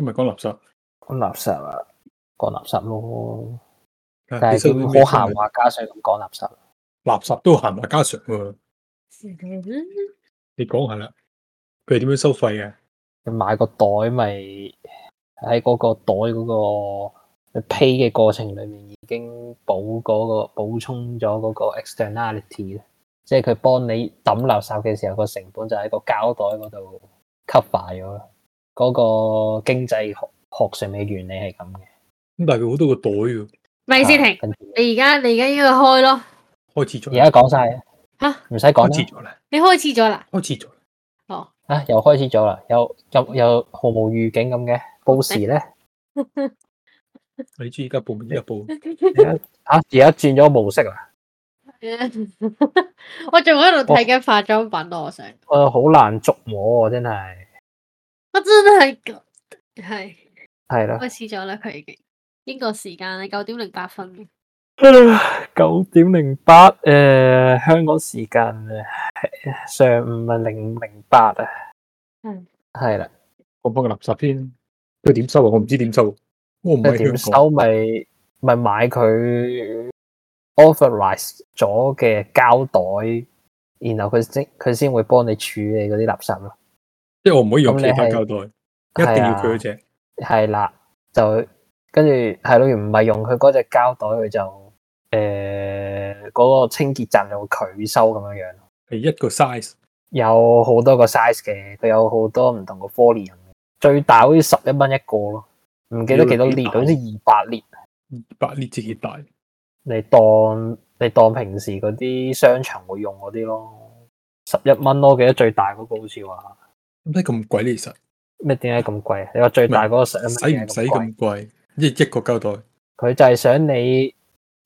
今咪講垃圾，講垃圾啊，講垃圾咯、啊。但係都冇閒話加稅咁講垃圾、啊。垃圾都要閒話加稅、嗯、你講下啦，佢點樣收費嘅？你買個袋咪喺嗰個袋嗰個 pay 嘅過程裏面，已經補嗰個補充咗嗰個 externality 咧，即係佢幫你抌垃圾嘅時候，個成本就喺個膠袋嗰度 cover 咗。嗰個經濟學學上嘅原理係咁嘅，咁但係佢好多個袋㗎。未先停，你而家你而家應該開咯，開始咗。而家講晒啊，唔使講啦。你開始咗啦，開始咗。哦，啊，又開始咗啦，又又又毫無預警咁嘅報時咧。你知而家報咩？而家報啊！而家轉咗模式啦。我仲喺度睇緊化妝品，我想。誒，好難捉摸啊！真係。我真係個係係啦，開始咗啦，佢已經英國時間啦，九點零八分。九點零八誒，香港時間上午係零零八啊，嗯，係啦，我幫佢垃圾篇，佢點收啊？我唔知點收我。我唔知點收、就是，咪、就、咪、是、買佢 authorize 咗嘅膠袋，然後佢先佢先會幫你處理嗰啲垃圾咯。即係我唔可以用其他膠袋，一定要佢嗰隻。係啦，就跟住係咯，如唔係用佢嗰隻膠袋，佢就誒嗰、呃那個清潔站就會拒收咁樣樣。係一個 size，有好多個 size 嘅，佢有好多唔同個顆粒。最大好似十一蚊一個咯，唔記得幾多列，好似二百列，二百列至幾大。你當你當平時嗰啲商場會用嗰啲咯，十一蚊咯，記得最大嗰個好似話。咩咁貴咧？其實咩點解咁貴啊？你話最大嗰個箱使唔使咁貴？一一個膠袋，佢就係想你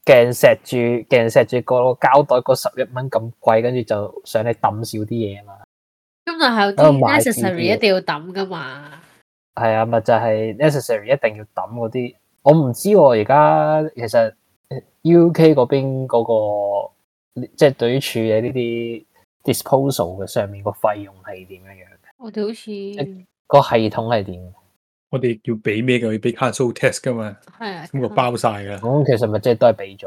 鏡錫住鏡錫住個膠袋個，嗰十一蚊咁貴，跟住就想你抌少啲嘢嘛。咁但係 necessary 一定要抌噶嘛？係啊，咪就係 necessary 一定要抌嗰啲。我唔知喎，而家其實 U K 嗰邊嗰、嗰個即係、就是、對於處理呢啲 disposal 嘅上面個費用係點樣樣。我哋好似、個系統係點？我哋要俾咩嘅？要俾 council tax 噶嘛？係啊，咁就包晒噶。咁、嗯、其實咪即係都係俾咗？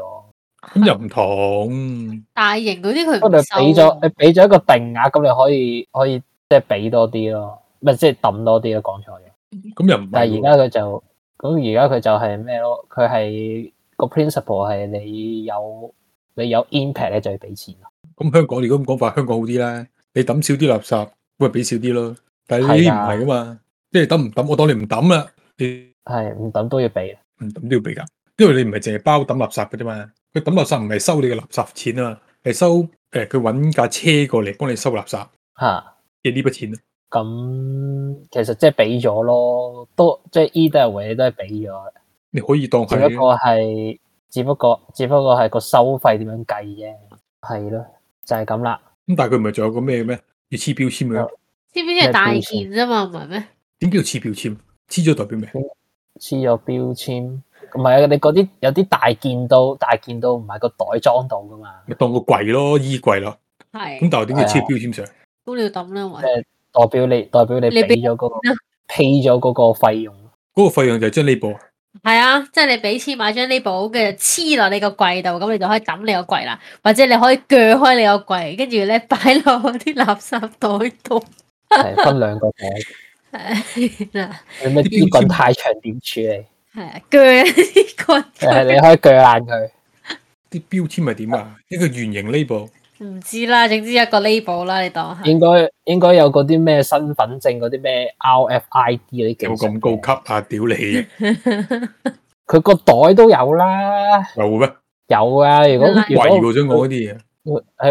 咁又唔同的。大型嗰啲佢不過俾咗，你俾咗一個定額，咁你可以可以即係俾多啲咯，咪即係抌多啲、嗯嗯、咯，講錯咗。咁又唔？但係而家佢就咁，而家佢就係咩咯？佢係個 principle 係你有你有 impact 咧，就要俾錢咯。咁香港你咁講法，香港好啲咧，你抌少啲垃圾，會俾少啲咯，但係呢啲唔係噶嘛，即係抌唔抌，我當你唔抌啦，你係唔抌都要俾，唔抌都要俾噶，因為你唔係淨係包抌垃圾噶啫嘛，佢抌垃圾唔係收你嘅垃圾錢啊嘛，係收誒佢搵架車過嚟幫你收垃圾，吓，即係呢筆錢啊。咁、嗯、其實即係俾咗咯，都即係、就係、either way 都係俾咗。你可以當係只、只不過係只不過只不過係個收費點樣計啫，係咯，就係咁啦。咁但係佢唔係仲有個咩咩？要黐標籤啊！黐標籤係大件啫嘛，唔係咩？點叫黐標籤？黐咗代表咩？黐咗標籤，唔係啊！你嗰啲有啲大件到，大件到唔係個袋裝到噶嘛？咪當個櫃咯，衣櫃咯。係。咁但係點解黐標籤上？污尿抌啦，或代表你，代表你俾咗嗰個，批咗嗰個費用。嗰、嗰個費用就係將呢部。係啊，即係你俾錢買張呢部 b 嘅，黐落你個櫃度，咁你就可以抌你個櫃啦，或者你可以鋸開你個櫃，跟住咧擺落垃圾袋度。係 分兩個袋。係 啊，你咩標籤太長點處理？係啊，鋸啲棍。誒、 啊，你可以鋸爛佢。啲 標籤咪點啊？ 一個圓形呢部。唔知啦，總之一個 label 啦，你當下。應該應該有嗰啲咩身份證，嗰啲咩 RFID 嗰啲技術。咁高級啊！屌你，佢個袋都有啦。有咩？有啊，如果懷咗我啲嘢，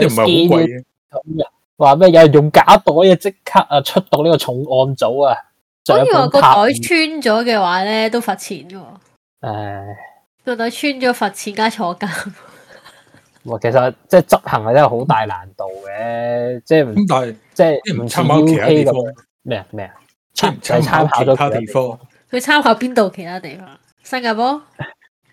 即唔係好貴嘅。話咩？有人用假袋嘅，啊，即刻啊出動呢個重案組啊！所以話個袋穿咗嘅話咧，都罰錢噶，啊，喎。唉，個袋穿咗罰錢加坐監。其實即係執行係真係好大難度嘅，即係咁，但係即係唔似 U.K. 咁咩啊咩啊？係參考咗其他地方，去參考邊度？其他地方，新加坡、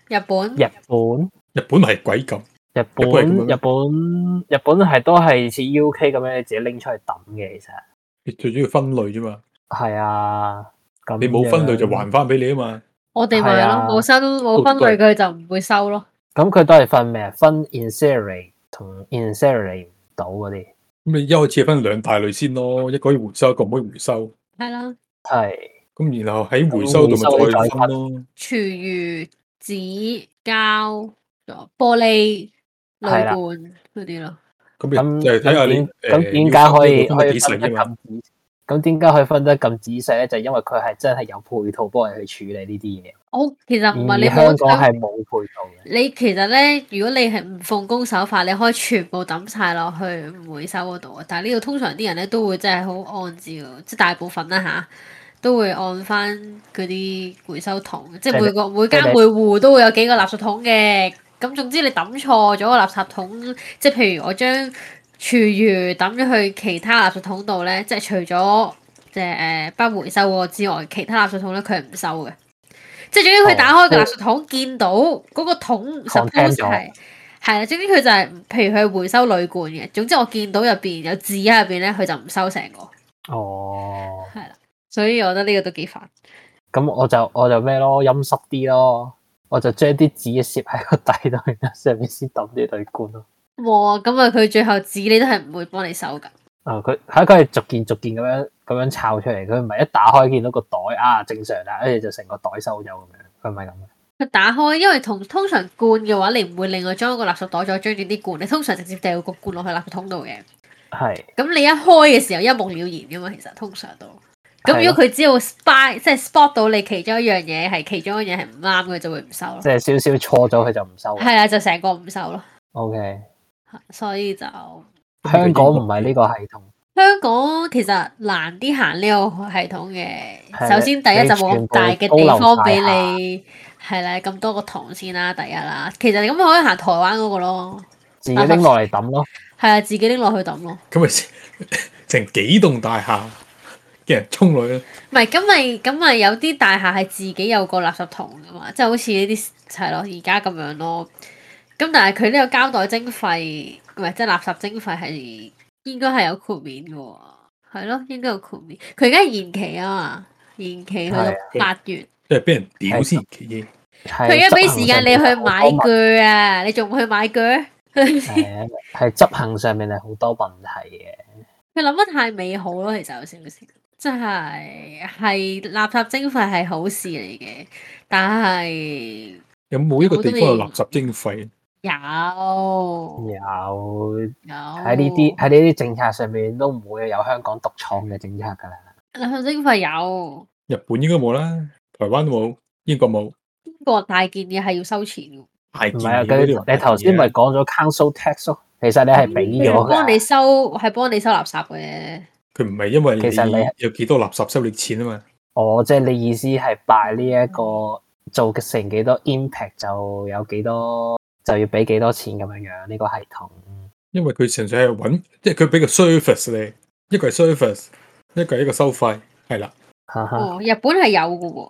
日本、日本、日本係鬼咁，日本日本日本係都係似 U.K. 咁樣你自己拎出去抌嘅。其實你最主要分類啫嘛，係啊，你冇分類就還翻俾你啊嘛。我哋咪咯，冇收冇分類佢就唔會收咯。咁佢都係分咩啊？分 insecure 同 insecure 到嗰啲。咁你一開始分兩大類先咯，一個可以回收，一個唔可以回收。係啦。係。咁然後喺回收度再分咯。廚餘、紙、膠、玻璃、鋁罐嗰啲咯。咁咁，睇下點？咁點解可以可以分得咁神？咁點解佢分得咁仔細咧？就因為佢係真係有配套幫你去處理呢啲嘢。我、哦、其實唔係講你香港係冇配套嘅。你其實咧，如果你係唔奉公守法，你可以全部抌晒落去回收嗰度啊！但係呢度通常啲人咧都會真係好按照，即係大部分啦、啊、吓，都會按翻嗰啲回收桶，即係每個每家每戶都會有幾個垃圾桶嘅。咁總之你抌錯咗個垃圾桶，即係譬如我將，廚餘抌咗去其他垃圾桶度咧，即係除咗即係誒不回收嗰個之外，其他垃圾桶咧佢係唔收嘅。即係總之佢打開個垃圾桶見、哦、到嗰個桶，係係啦。總之佢就係、是，譬如佢係回收鋁罐嘅。總之我見到入邊有紙喺入邊咧，佢就唔收成個。哦，係啦，所以我覺得呢個都幾煩。咁我就我就咩咯，陰濕啲咯，我就將啲紙嘅攝喺個底度，然後上面先抌啲鋁罐咯。哇、哦，咁啊，佢最後紙你都係唔會幫你收噶？啊、哦，佢係佢係逐件逐件咁樣咁樣抄出嚟，佢唔係一打開見到個袋啊，正常啦，跟住就成個袋收咗咁樣，佢唔係咁嘅。佢打開，因為同通常罐嘅話，你唔會另外裝一個垃圾袋再裝住啲罐，你通常直接掉個罐落去垃圾桶度嘅。係。咁你一開嘅時候一目了然噶嘛，其實通常都。咁如果佢只要 spy 即係 spot 到你其中一樣嘢係其中一樣嘢係唔啱嘅，就會、是、唔收咯。即係少少錯咗，佢就唔收。係啊，就成個唔收咯。O K。所以就香港唔係呢個系統，香港其實難啲行呢個系統嘅。首先，第一就冇咁大嘅地方俾你，係啦咁多個堂先啦，啊，第一啦。其實你咁可以行台灣嗰個咯，自己拎落嚟抌咯，係啊，自己拎落去抌咯。咁咪成幾棟大廈嘅人衝落去？唔係，咁咪咁咪有啲大廈係自己有個垃圾桶噶嘛，即係好似呢啲係咯，而家咁樣咯。咁但係佢呢個膠袋徵費，唔係即係垃圾徵費係應該係有豁免嘅喎，係咯應該有豁免。佢而家係延期啊嘛，延期去到八月，即係俾人屌先嘅。佢而家俾時間你去買具啊，你仲唔去買具？係係執行上面係好多問題嘅。佢諗得太美好咯，其實有少少，即係係垃圾徵費係好事嚟嘅，但係有冇一個地方有垃圾徵費？有有有，喺呢啲，喺呢啲政策上面都唔會有香港獨創嘅政策噶啦。日本應該有，日本應該冇啦，台灣都冇，英國冇。英、那、國、個、大件嘢係要收錢。大件嘢、啊，你頭先咪講咗 Council Tax 其實你係俾咗，幫你收，係幫你收垃圾嘅。佢唔係因為其實你有幾多垃圾收你錢啊嘛？哦，即係你意思係拜呢一個做成幾多 impact 就有幾多？就要俾幾多錢咁樣樣呢、這個系統？因為佢純粹係搵，即係佢俾個 service 咧，一個係 service 一個係一個收費，係啦。哦，日本係有噶喎，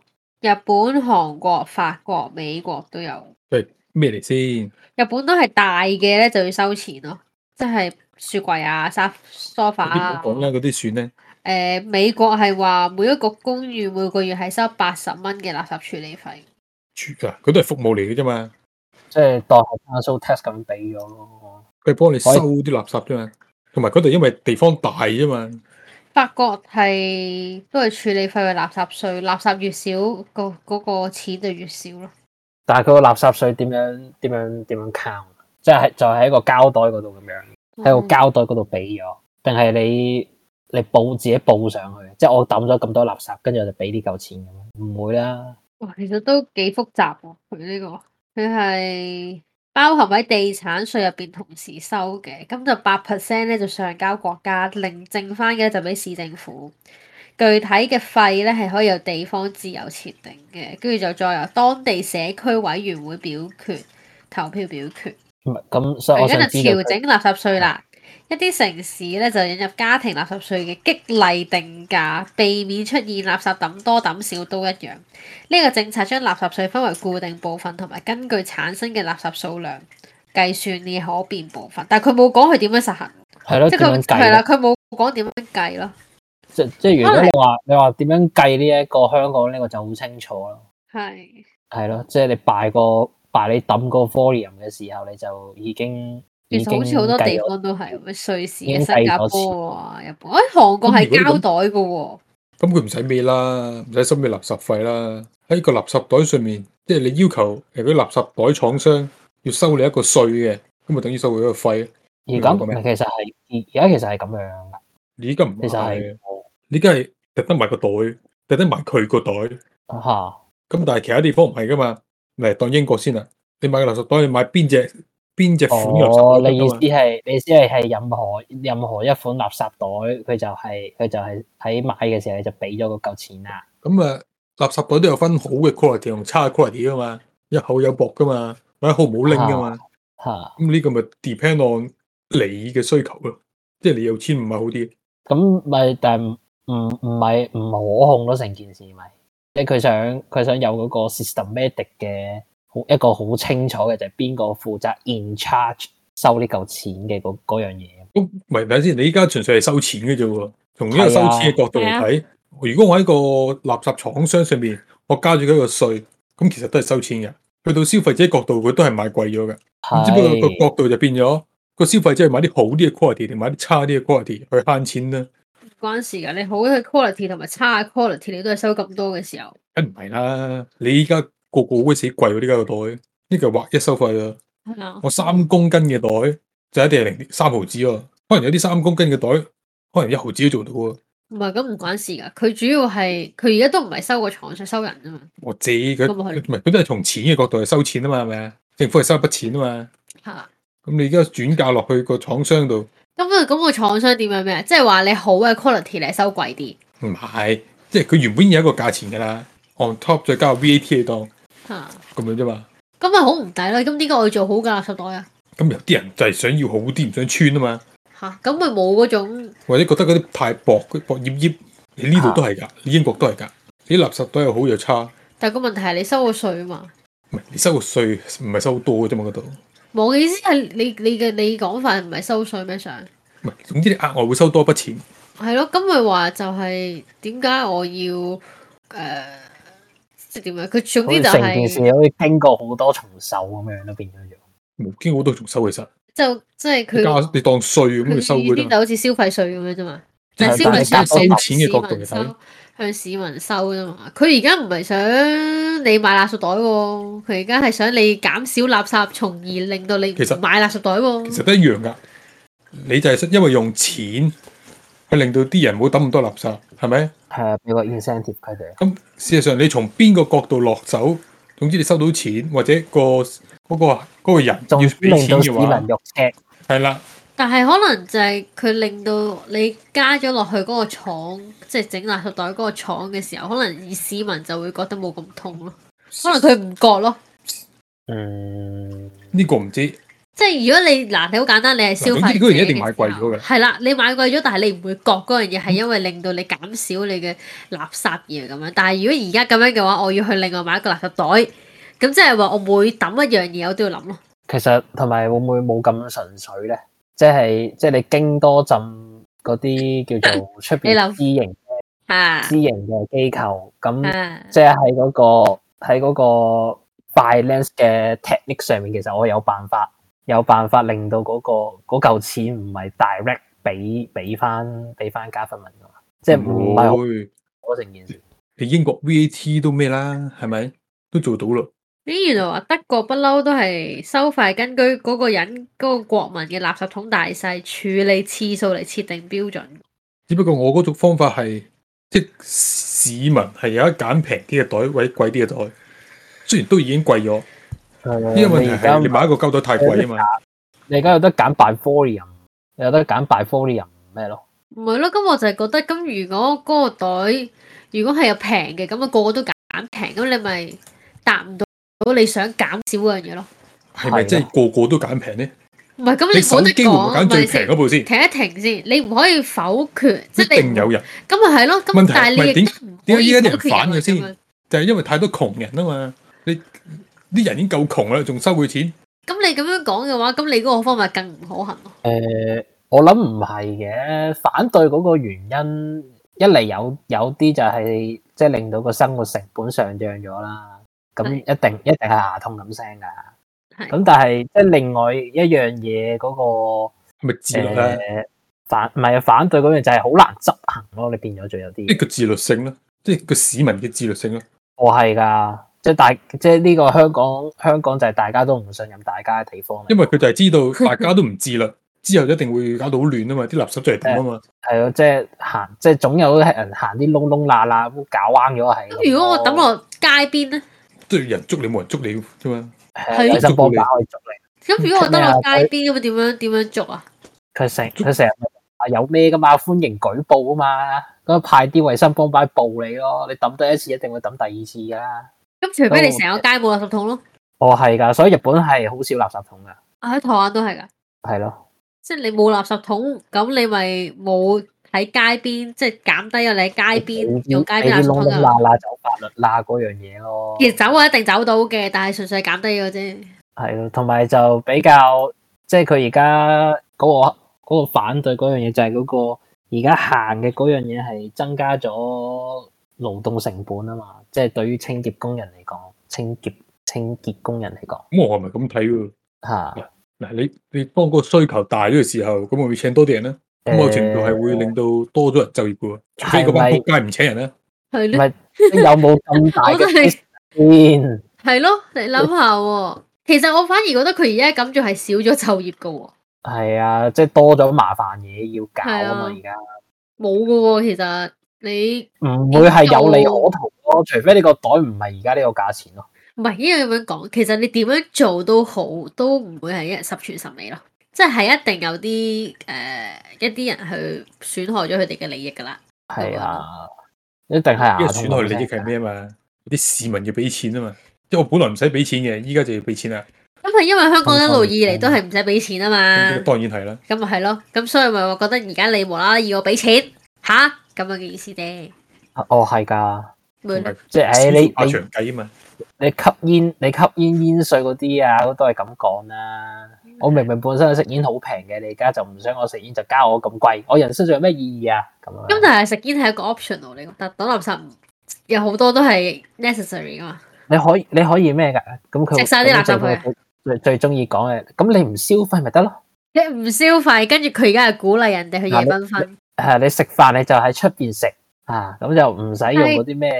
日本、韓國、法國、美國都有。對咩嚟先？日本都係大嘅咧，就要收錢咯，即係雪櫃啊、沙 sofa、啊、本邊嗰啲算咧？誒、呃，美國係話每一個公寓每個月係收八十蚊嘅垃圾處理費。處佢都係服務嚟嘅啫嘛。即係代阿蘇 test 咁俾咗咯，佢幫你收啲垃圾啫嘛，同埋嗰度因為地方大啫嘛。法國係都係處理費嘅垃圾稅，垃圾越少個嗰、嗰個錢就越少咯。但係佢個垃圾稅點樣點樣點樣 count？即係就喺個膠袋嗰度咁樣，喺個膠袋嗰度俾咗，定、嗯、係你你報自己報上去？即係我抌咗咁多垃圾，跟住我就俾啲嚿錢咁？唔會啦。哇，其實都幾複雜喎，佢呢、這個。佢係包含喺地產稅入邊同時收嘅，咁就八 percent 咧就上交國家，另剩翻嘅就俾市政府。具體嘅費咧係可以由地方自由設定嘅，跟住就再由當地社區委員會表決投票表決。咁，所以而家就調整垃圾稅啦。嗯一啲城市咧就引入家庭垃圾稅嘅激勵定價，避免出現垃圾抌多抌少都一樣。呢個政策將垃圾稅分為固定部分同埋根據產生嘅垃圾數量計算你可變部分，但係佢冇講佢點樣實行，係咯，即係佢冇計啦，佢冇講點樣計咯。即即係如果你話你話點樣計呢一個香港呢個就好清楚咯。係係咯，即係、就是、你拜個拜你抌個 volume 嘅時候，你就已經。其實好似好多地方都係，咩瑞士啊、新加坡啊、日本，哎，韓國係膠袋噶喎。咁佢唔使咩啦，唔使收咩垃圾費啦。喺個垃圾袋上面，即係你要求誒嗰啲垃圾袋廠商要收你一個稅嘅，咁咪等於收佢一個費。咁其實係而家其實係咁樣。你而家唔係，你而家係特登買個袋，特登買佢個袋。吓，咁但係其他地方唔係噶嘛？嚟當英國先啦，你買個垃圾袋，你買邊隻？邊隻款？哦，你意思係，你意思係係任何任何一款垃圾袋，佢就係、是、佢就係喺買嘅時候就俾咗個嚿錢啦。咁啊，垃圾袋都有分好嘅 quality 同差嘅 quality 噶嘛，有厚有薄噶嘛，或者好唔好拎噶嘛。吓、啊、咁、啊、呢個咪 depend on 你嘅需求咯，即、就、係、是、你有錢唔係好啲。咁咪但係唔唔係唔可控咯？成件事咪即係佢想佢想有嗰個 systematic 嘅。一個好清楚嘅就係邊個負責 in charge 收呢嚿錢嘅嗰嗰樣嘢。唔係，睇下先，你依家純粹係收錢嘅啫喎。從呢個收錢嘅角度嚟睇，啊，如果我喺個垃圾廠商上面，我加咗一個稅，咁其實都係收錢嘅。去到消費者角度，佢都係買貴咗嘅。只不過個角度就變咗，個消費者買啲好啲嘅 quality，定買啲差啲嘅 quality 去慳錢啦。關事噶，你好嘅 quality 同埋差嘅 quality，你都係收咁多嘅時候。梗唔係啦，你依家。個個好鬼死貴喎！呢家個袋呢、呢個劃一收費啦。Yeah. 我三公斤嘅袋就一定係零三毫紙喎、哦。可能有啲三公斤嘅袋，可能一毫紙都做到啊。唔係，咁唔關事噶。佢主要係佢而家都唔係收個廠商收人啊嘛。我自佢。咁啊，唔係佢都係從錢嘅角度嚟收錢啊嘛，係咪啊？政府係收一筆錢啊嘛。係、yeah. 啊。咁你而家轉嫁落去個廠商度。咁啊，咁個廠商點樣咩啊？即係話你好嘅 quality 嚟收貴啲。唔係，即係佢原本已經有個價錢㗎啦。on top 再加個 VAT 嘅檔。吓、啊，咁樣啫嘛，咁咪好唔抵咯？咁點解我要做好嘅垃圾袋啊？咁有啲人就係想要好啲，唔想穿啊嘛。吓、啊，咁咪冇嗰種，或者覺得嗰啲太薄，薄腌腌。你呢度都係噶，啊、你英國都係噶，你啲垃圾袋又好又差。但係個問題係你收個稅啊嘛，唔係你收個稅，唔係收多嘅啫嘛嗰度。冇嘅意思係你你嘅你講法唔係收稅咩想？唔係，總之你額外會收多一筆錢。係咯，咁咪話就係點解我要誒？呃點啊？佢總之就係好似經過好多重手咁樣咯，變咗樣。經過好多重手其實，就即係佢。你當稅咁去收。就好似消費稅咁樣啫嘛。用錢嘅角度，向市民收啫嘛。佢而家唔係想你買垃圾袋喎，佢而家係想你減少垃圾，從而令到你其實買垃圾袋喎。其實都一樣噶。你就係因為用錢。佢令到啲人唔好抌咁多垃圾，係咪？係啊，俾個 incentive 佢哋。咁事實上，你從邊個角度落手？總之，你收到錢或者、嗰個、嗰個、嗰個人要俾錢嘅話，令到市民肉赤。係啦。但係可能就係佢令到你加咗落去嗰個廠，即、就、係、是、整垃圾袋嗰個廠嘅時候，可能市民就會覺得冇咁痛咯。可能佢唔覺咯。嗯，呢、呢個唔知。即係如果你嗱，你好簡單，你係消費者嘅，嗰樣嘢一定買貴咗㗎，係啦。你買貴咗，但係你唔會覺嗰樣嘢係因為令到你減少你嘅垃圾嘢咁樣。但係如果而家咁樣嘅話，我要去另外買一個垃圾袋，咁，即係話我每揼一樣嘢，我都要諗咯。其實同埋會唔會冇咁純粹咧？即係即係你經多浸嗰啲叫做出邊私營啊，私營嘅機構咁，即係喺嗰個喺嗰個 balance 嘅 technic 上面，其實我有辦法。有辦法令到嗰、個嗰嚿錢唔係 direct 俾俾翻俾翻加分文㗎嘛？即係唔係嗰成件事？你英國 VAT 都咩啦？係咪都做到啦？咦，原來話德國不嬲都係收費根據嗰個人嗰、個國民嘅垃圾桶大細、處理次數嚟設定標準。只不過我嗰種方法係即市民係有一揀平啲嘅袋或者貴啲嘅袋，雖然都已經貴咗。呢個問題係你買一個膠袋太貴啊嘛，你而家有得揀百 four 人，有得揀百 four 人咩咯？唔係咯，咁我就係覺得，咁如果嗰個袋如果係有平嘅，咁啊個個都揀平，咁你咪達唔到你想減少嗰樣嘢咯？係咪即係個個都揀平咧？唔係，咁你有機會揀最平嗰個先停一停先。你唔可以否決，即係一定有人。咁咪係咯？咁問題係你點解點解依家啲人反嘅先？就係因為太多窮人啊嘛。啲人已經夠窮啦，仲收佢錢？咁你咁樣講嘅話，咁你嗰個方法更唔可行？誒，我諗唔係嘅，反對嗰個原因，一嚟，有有啲就係即係令到個生活成本上漲咗啦，咁一定一定係牙痛咁聲噶。咁但係即係另外一樣嘢嗰個咪自律咧，反唔係反對嗰樣就係好難執行咯。你變咗就有啲即係個自律性咯，即係個市民嘅自律性咯。我係噶。即係大，即係呢個香港。香港就係大家都唔信任大家嘅地方。因為佢就係知道大家都唔知啦， 之後一定會搞到好亂啊嘛。啲垃圾出嚟抌啊嘛。係、嗯、咯，即係、就是、行，即係總有人行啲窿窿罅罅搞彎咗係。咁如果我抌落街邊咧？即係人捉你冇人捉你，做咩？係衛生幫辦可以捉你。咁如果我抌落街邊咁點樣點樣捉啊？佢成佢成日啊有咩噶嘛？歡迎舉報啊嘛。咁派啲衛生幫辦捕你咯。你抌多一次，一定會抌第二次噶啦。咁除非你成個街冇垃圾桶咯，哦係噶，所以日本係好少垃圾桶噶。喺，台灣都係噶。係咯，即係你冇垃圾桶，咁你咪冇喺街邊，即係減低啊你喺街邊用街邊垃圾桶嘅。你攞咗啦啦走法律啦嗰樣嘢咯。走啊，一定走到嘅，但係純粹減低咗啫。係咯，同埋就比較，即係佢而家嗰個嗰個反對嗰樣嘢，就係嗰個而家行嘅嗰樣嘢係增加咗勞動成本啊嘛。即係對於清潔工人嚟講，清潔清潔工人嚟講，咁我係咪咁睇？吓、啊、嗱，你你當個需求大嘅時候，咁我會，會請多啲人咧，咁啊程度係會令到多咗人就業嘅，除非嗰班仆街唔請人咧，係咧，有冇咁大嘅先？係 咯，你諗下、哦，其實我反而覺得佢而家咁做係少咗就業嘅、哦，係啊，即係多咗麻煩嘢要搞啊嘛，而家冇嘅喎，其實。你唔會係有利可圖咯，除非你個袋唔係而家呢個價錢咯。唔係呢樣咁樣講，其實你點樣做都好，都唔會係一日十全十美咯。即係一定有啲誒、呃，一啲人去損害咗佢哋嘅利益噶啦。係啊，一定係因為損害利益係咩啊嘛？啲市民要俾錢啊嘛，因為我本來唔使俾錢嘅，依家就要俾錢啦。咁係因為香港一路以嚟都係唔使俾錢啊嘛，當然係啦。咁咪係咯，咁所以咪我覺得而家你無啦啦要我俾錢吓？啊咁樣嘅意思啫，哦係噶，即係誒你你計啊嘛，你吸煙你吸煙煙稅嗰啲啊，我都係咁講啦。我明明本身食煙好平嘅，你而家就唔想我食煙就加我咁貴，我人生仲有咩意義啊？咁咁但係食煙係一個 option 嚟噶，但係倒垃圾有好多都係 necessary 噶嘛。你可以你可以咩噶？咁佢食晒啲垃圾佢最最中意講嘅，咁你唔消費咪得咯？你唔消費，跟住佢而家係鼓勵人哋去夜繽紛。係你食飯，你就喺出邊食啊，咁就唔使用嗰啲咩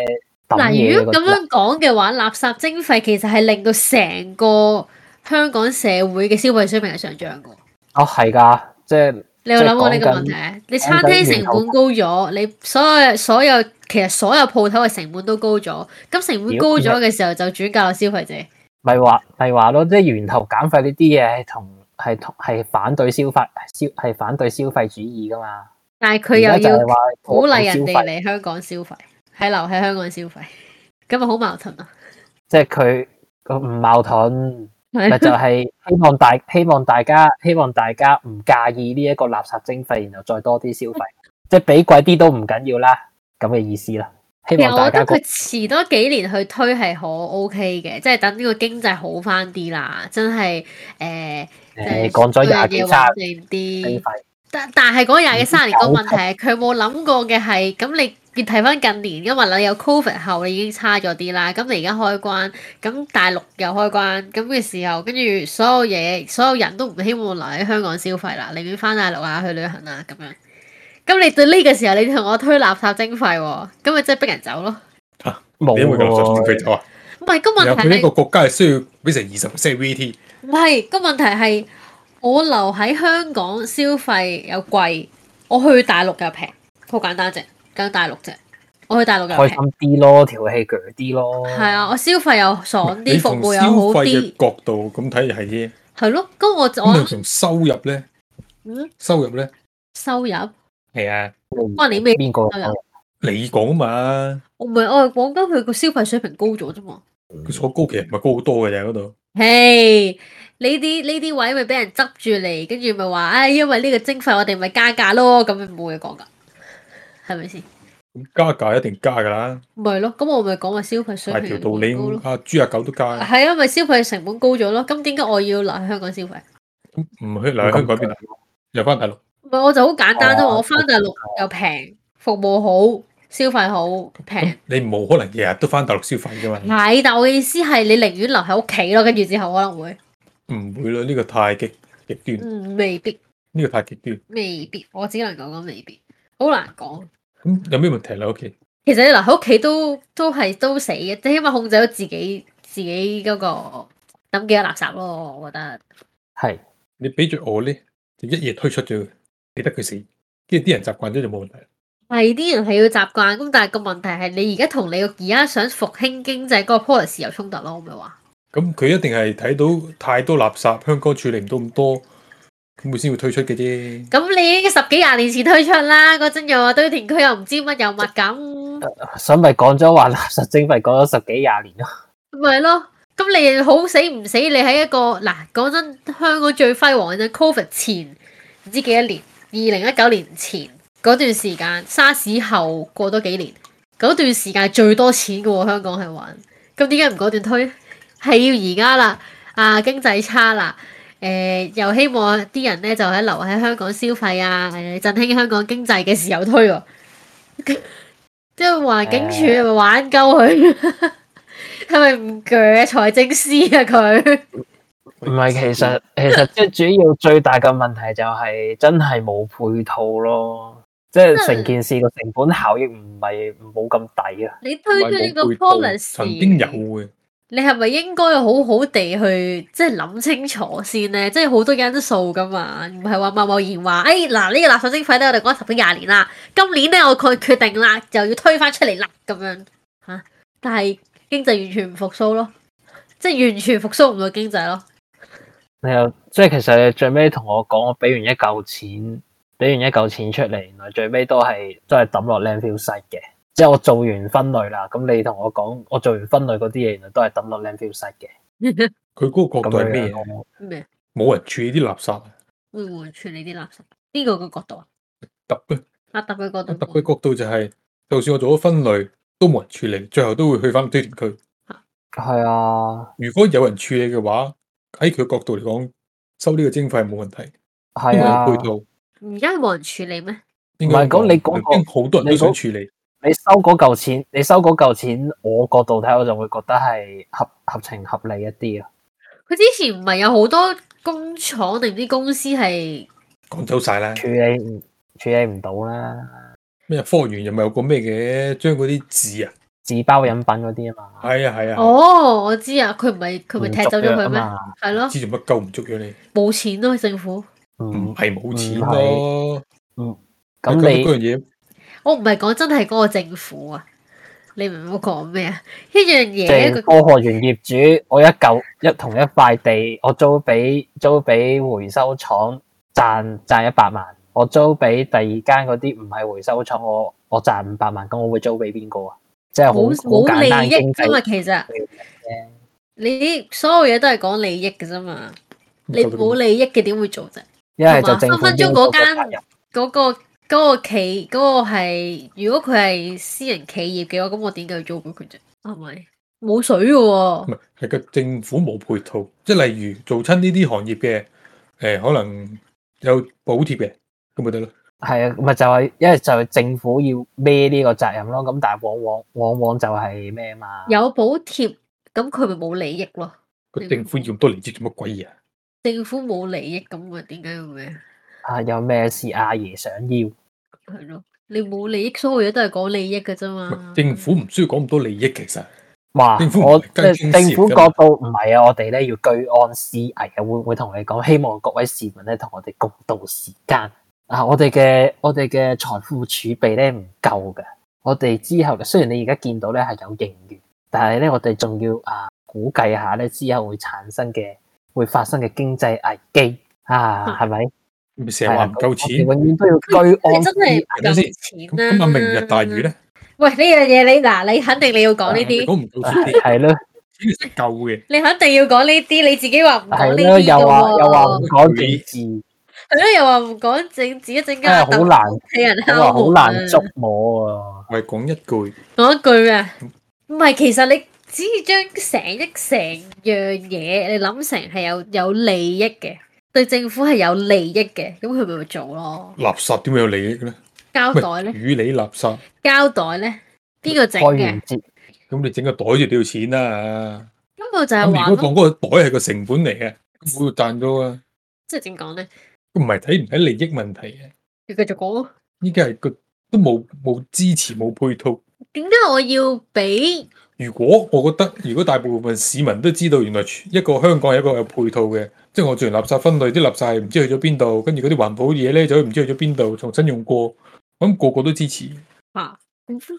抌嘢嗱。如果咁樣講嘅話，垃圾徵費其實係令到成個香港社會嘅消費水平係上漲噶。哦，係噶，即係你有諗過呢個問題？你餐廳成本高咗，你所有所有其實所有鋪頭嘅成本都高咗，咁成本高咗嘅時候就轉嫁消費者咪話咪話咯，即係源頭減費呢啲嘢，係同係同係反對消費消係反對消費主義噶嘛。但係佢又要鼓勵人哋嚟香港消費，係留喺香港消費，咁啊好矛盾啊！即係佢唔矛盾 ，咪就係希望大希望大家， 希望大家唔介意呢一個垃圾徵費，然後再多啲消費，即係俾貴啲都唔緊要啦，咁嘅意思啦。又覺得佢遲多幾年去推係好 OK 嘅，即係等呢個經濟好翻啲啦，真係誒，誒，講咗廿幾年。啲。但但係嗰日嘅三年個問題，佢冇諗過嘅係咁。你要睇翻近年，因為你有 Covid 後，你已經差咗啲啦。咁你而家開關，咁大陸又開關咁嘅時候，跟住所有嘢，所有人都唔希望留喺香港消費啦，寧願翻大陸啊，去旅行啊咁樣。咁你對呢個時候，你同我推垃圾徵費，咁咪即係逼人走咯？嚇、啊，冇點會咁想逼走啊？唔係個問題咧，呢個國家係需要俾成二十 percent V T。唔係個問題係。我留喺香港消費又貴，我去大陸又平，好簡單啫。跟大陸啫，我去大陸又平。開心啲咯，調氣鋸啲咯。係啊，我消費又爽啲，服務又好啲。角度咁睇係啫係咯，咁我我從收入咧，嗯，收入咧，收入係啊，關你咩邊個收入啊？你講啊嘛？我唔係，我係講緊佢個消費水平高咗啫嘛。佢所高其實唔係高好多嘅啫，嗰度係。呢啲呢啲位咪俾人執住嚟，跟住咪話，唉，因為呢個徵費，我哋咪加價咯。咁樣冇嘢講噶，係咪先？咁加價一定加噶啦。唔係咯，咁我咪講話消費水平係條道理，阿豬阿狗都加。係啊，咪消費成本高咗咯。咁點解我要留喺香港消費？唔去留喺香港邊啊？又翻大陸？唔係我就好簡單咯，我翻大陸又平，服務好，消費好平。你冇可能日日都翻大陸消費噶嘛？係，但係我嘅意思係你寧願留喺屋企咯，跟住之後可能會。唔會啦，呢個太極極端。嗯，未必。呢個太極端。未必，我只能講講未必，好難講。咁有咩問題咧？屋企。其實你留喺屋企都都係都死嘅，即起碼控制到自己自己嗰個抌幾多垃圾咯。我覺得係。你俾住我咧，就一夜推出咗，記得佢死。跟住啲人習慣咗就冇問題。係啲人係要習慣，咁但係個問題係你而家同你而家想復興經濟嗰個 policy 有衝突咯，我咪話。咁佢一定係睇到太多垃圾，香港處理唔到咁多，咁佢先會推出嘅啫。咁你已經十幾廿年前推出啦，嗰陣又話堆填區又唔知乜有物咁，想咪講咗話垃圾徵費，講咗十幾廿年咯，咪咯。咁你好死唔死？你喺一個嗱，講真，香港最輝煌嘅 Covid 前唔知幾多年，二零一九年前嗰段時間，沙士後過多幾年，嗰段時間最多錢嘅喎，香港係玩咁點解唔嗰段推？係要而家啦，啊經濟差啦，誒、呃、又希望啲人咧就喺留喺香港消費啊，誒、呃、振興香港經濟嘅時候推喎、啊，即係環境署係咪玩鳩佢？係咪唔鋸財政司啊佢？唔係，其實其實即係主要最大嘅問題就係、是、 真係冇配套咯，即係成件事個成、嗯、本效益唔係冇咁抵啊。你推佢個 policy 曾經有嘅。你係咪應該好好地去即係諗清楚先咧？即係好多因素噶嘛，唔係話貿貿然話，哎嗱呢個垃圾徵費都喺度講咗十幾廿年啦，今年咧我佢決定啦，就要推翻出嚟啦咁樣吓，但係經濟完全唔復蘇咯，即係完全復蘇唔到經濟咯。你又即係其實你最尾同我講，我俾完一嚿錢，俾完一嚿錢出嚟，原來最尾都係都係抌落 landfill site 嘅。即係我做完分類啦，咁你同我講，我做完分類嗰啲嘢，原來都係抌落 landfill site 嘅。佢 嗰個角度係咩嘢？咩？冇人處理啲垃圾。會唔會處理啲垃圾？邊個嘅角度啊？抌啊？阿抌嘅角度。抌嘅角度就係、是，就算我做咗分類，都冇人處理，最後都會去翻堆填區。係啊。如果有人處理嘅話，喺佢嘅角度嚟講，收呢個徵費係冇問題。係啊。而家冇人處理咩？唔係講你嗰個，好多人都想處理。你收嗰嚿錢，你收嗰嚿錢，我角度睇，我就會覺得係合合情合理一啲啊。佢之前唔係有好多工廠定啲公司係趕走晒啦，處理處理唔到啦。咩科學園又咪有個咩嘅，將嗰啲紙啊紙包飲品嗰啲啊嘛，係啊係啊。哦，我知啊，佢唔係佢咪踢走咗佢咩？係咯。知做乜夠唔足咗你？冇錢咯、啊，政府唔係冇錢咯。嗯，咁、啊嗯嗯、你。我唔係講真係嗰個政府啊，你唔好講咩啊？一樣嘢啊，我學完業主，我一舊一同一塊地，我租俾租俾回收廠，賺賺一百萬。我租俾第二間嗰啲唔係回收廠，我我賺五百萬，咁我會租俾邊個啊？即係好冇利益啫嘛，其實，你啲所有嘢都係講利益嘅啫嘛。你冇利益嘅點會做啫？一係就分分鐘嗰間嗰個。嗰個企嗰個係，如果佢係私人企業嘅話，咁我點解要租俾佢啫？係咪冇水嘅喎、啊？唔係，係個政府冇配套，即係例如做親呢啲行業嘅，誒、呃、可能有補貼嘅咁咪得咯。係啊，唔咪就係、是，因為就係政府要孭呢個責任咯。咁但係往往往往就係咩嘛？有補貼咁佢咪冇利益咯？個政，政府要咁多利益做乜鬼嘢、啊？政府冇利益咁，佢點解要咩？啊！有咩事阿爺想要係咯？你冇利益，所有嘢都係講利益嘅啫嘛。政府唔需要講咁多利益，其實哇，政府不是我即係政府角度唔係啊。我哋咧要居安思危啊，會唔會同你講？希望各位市民咧同我哋共度時間啊。我哋嘅我哋嘅財富儲備咧唔夠嘅。我哋之後雖然你而家見到咧係有盈餘，但係咧我哋仲要啊，估計下咧之後會產生嘅會發生嘅經濟危機啊，係、嗯、咪？是咪成日話唔夠錢，永遠都要追安。你真係咁先。咁咁啊，明日大雨咧？喂，呢樣嘢你嗱，你肯定你要講呢啲。如果唔夠錢，係咯，夠嘅。你肯定要講呢啲，你自己話唔夠呢啲嘅。係咯，又話又話唔講政治。係咯，又話唔講政治，一陣間逗。係啊，好難。係啊，好難捉摸啊。咪講一句。講一句啊？唔係，其實你只要將成一成樣嘢，你諗成係有有利益嘅。對政府係有利益嘅，咁佢咪會做咯？垃圾點會有利益嘅咧？膠袋咧？處理垃圾膠袋咧？邊個整嘅？咁你整個袋就掉要錢啦、啊。咁我就話如果放嗰個袋係個成本嚟嘅，咁我賺咗啊！即係點講咧？唔係睇唔睇利益問題嘅？要繼續講啊！依家係個都冇冇支持冇配套，點解我要俾？如果我覺得，如果大部分市民都知道，原來一個香港係一個有配套嘅。即係我做完垃圾分類，啲垃圾係唔知去咗邊度，跟住嗰啲環保嘢咧，就唔知去咗邊度，重新用過。咁個個都支持嚇、啊，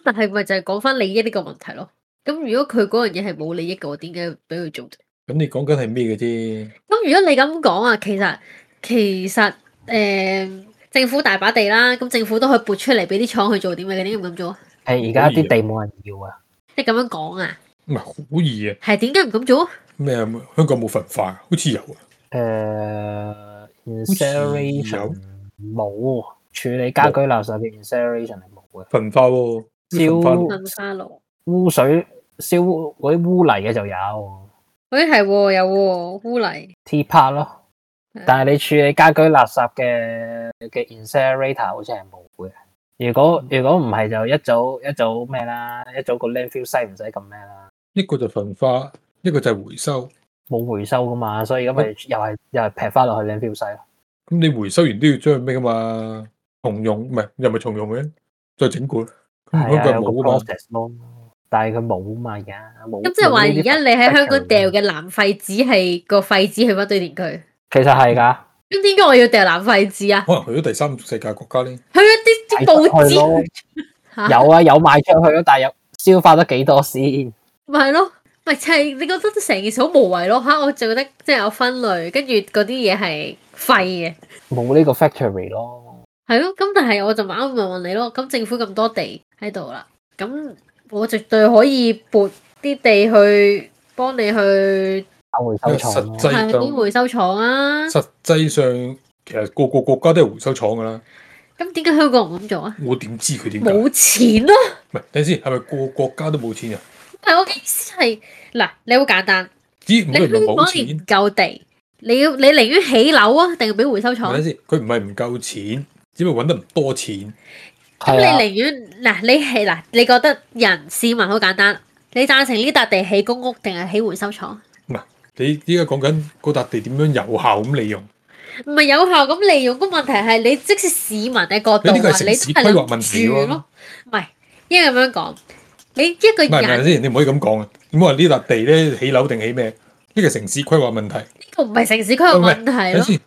但係咪就係講翻利益呢個問題咯？咁如果佢嗰樣嘢係冇利益嘅，我點解俾佢做啫？咁你講緊係咩嘅啫？咁如果你咁講啊，其實其實誒、呃、政府大把地啦，咁政府都可以撥出嚟俾啲廠去做，點解你點解唔咁做啊？係而家啲地冇人要啊！你咁樣講啊？唔係好易啊？係點解唔咁做？咩香港冇焚化，好似有啊？誒、uh,，incineration 冇處理家居垃圾嘅 incineration 係冇嘅，焚化、焚化、燒、沙爐、污水、燒嗰啲污泥嘅就有，嗰啲係有污泥。tea park 咯，但係你處理家居垃圾嘅嘅 incinerator 好似係冇嘅。如果如果唔係就一早一早咩啦，一早個 landfill 西唔使咁咩啦。一、這個就焚化，一、這個就回收。冇回收噶嘛，所以咁咪又係又係劈翻落去靚標西咯。咁你回收完都要將咩噶嘛？重用唔係又咪重用嘅，再整過。係啊，有 process 咯。但係佢冇嘛，而家冇。咁即係話而家你喺香港掉嘅藍廢紙係個廢紙去乜堆填區，其實係噶。咁點解我要掉藍廢紙啊？可能去咗第三世界國家咧。去一啲啲報紙咯。有啊，有賣出去咯，但係有消化得幾多先？咪係咯。咪就係你覺得成件事好無謂咯，吓，我做得即係有分類，跟住嗰啲嘢係廢嘅，冇呢個 factory 咯。係咯，咁但係我就啱啱問問你咯，咁政府咁多地喺度啦，咁我絕對可以撥啲地去幫你去搞回收廠，係點回收廠啊？實際上其實個個國家都有回收廠㗎啦。咁點解香港唔咁做啊？我點知佢點？冇錢咯。唔係等先，係咪個個國家都冇錢啊？係我嘅意思係，嗱，你好簡單，只唔係唔夠錢，夠地，你要你寧願起樓啊定係俾回收廠？等下先，佢唔係唔夠錢，只不過搵得唔多錢。咁你寧願嗱，你係嗱，你覺得人市民好簡單，你贊成呢笪地起公屋定係起回收廠？唔係，你依家講緊嗰笪地點樣有效咁利用？唔係有效咁利用，個問題係你即使市民嘅角度，你都係住咯，唔係，因為咁樣講。你一句唔係唔係先，你唔可以咁講啊！唔好話呢笪地咧起樓定起咩？呢個城市規劃問題。呢個唔係城市規劃問題咯。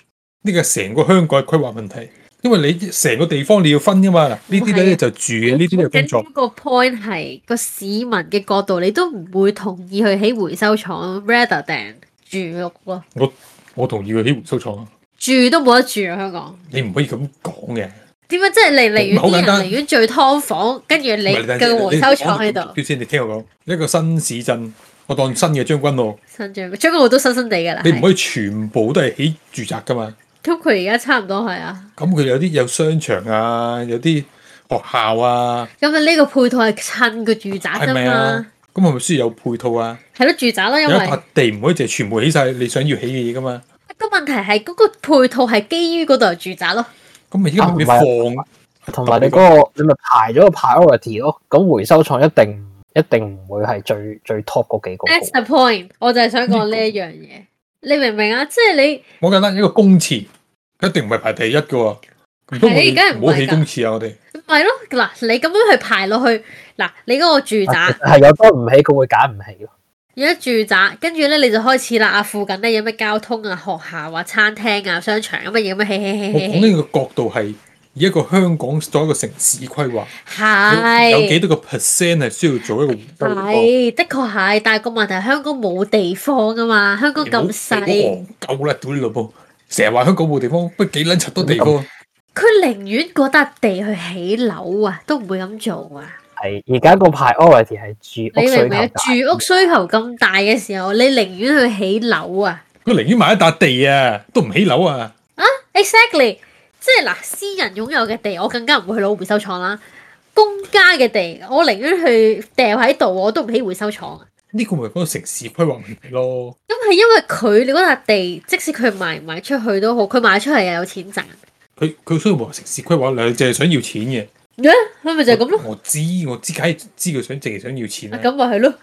呢個成個香港規劃問題，因為你成個地方你要分噶嘛。嗱，呢啲咧就住嘅，呢啲就工作。個 point 係個市民嘅角度，你都唔會同意去起回收廠，rather than 住屋咯。我我同意佢起回收廠。住都冇得住啊！香港。你唔可以咁講嘅。點解真係嚟？寧願啲人寧願住劏房，跟住你嘅回收廠喺度。先，你聽我講，一個新市鎮，我當新嘅將軍澳。新將將軍我都新新地噶啦。你唔可以全部都係起住宅噶嘛？咁佢而家差唔多係啊。咁佢有啲有商場啊，有啲學校啊。咁啊，呢個配套係襯個住宅噶嘛。咁係咪需要有配套啊？係咯，住宅,那個那個、住宅咯，因為一笪地唔可以淨係全部起晒你想要起嘅嘢噶嘛。個問題係嗰個配套係基於嗰度住宅咯。咁唔應該唔會放，同埋你嗰個你咪排咗個 priority 咯。咁回收廠一定一定唔會係最最 top 嗰幾個。That's the point，我就係想講呢一樣嘢，你明唔明啊？即係你好簡單，呢個公廁一定唔係排第一㗎。係，而家唔好起公廁啊！我哋係咯嗱，你咁樣去排落去嗱，你嗰個住宅係有擔唔起，佢會揀唔起咯。而家住宅，跟住咧你就開始啦。啊，附近咧有咩交通啊、學校啊、餐廳啊、商場咁乜嘢咁樣起起起。什麼啊、嘿嘿嘿嘿我講呢個角度係以一個香港作為一個城市規劃，係有幾多個 percent 係需要做一個。係的確係，但係個問題，香港冇地方啊嘛，香港咁細。夠啦，到呢度，成日話香港冇地方，不過幾捻柒多地方。佢、嗯、寧願嗰笪地去起樓啊，都唔會咁做啊。係而家個 priority 係住屋需求咁大嘅時候，你寧願去起樓啊？佢寧願買一笪地啊，都唔起樓啊！啊，Exactly，即係嗱，私人擁有嘅地，我更加唔會去攞回收廠啦。公家嘅地，我寧願去掉喺度，我都唔起回收廠。呢、這個咪講到城市規劃問題咯？咁係因為佢你嗰笪地，即使佢賣唔賣出去都好，佢賣出去又有錢賺。佢佢需要唔城市規劃，佢淨係想要錢嘅。佢咪就係咁咯？我知，我知，梗係知佢想，淨係想要錢咁咪係咯，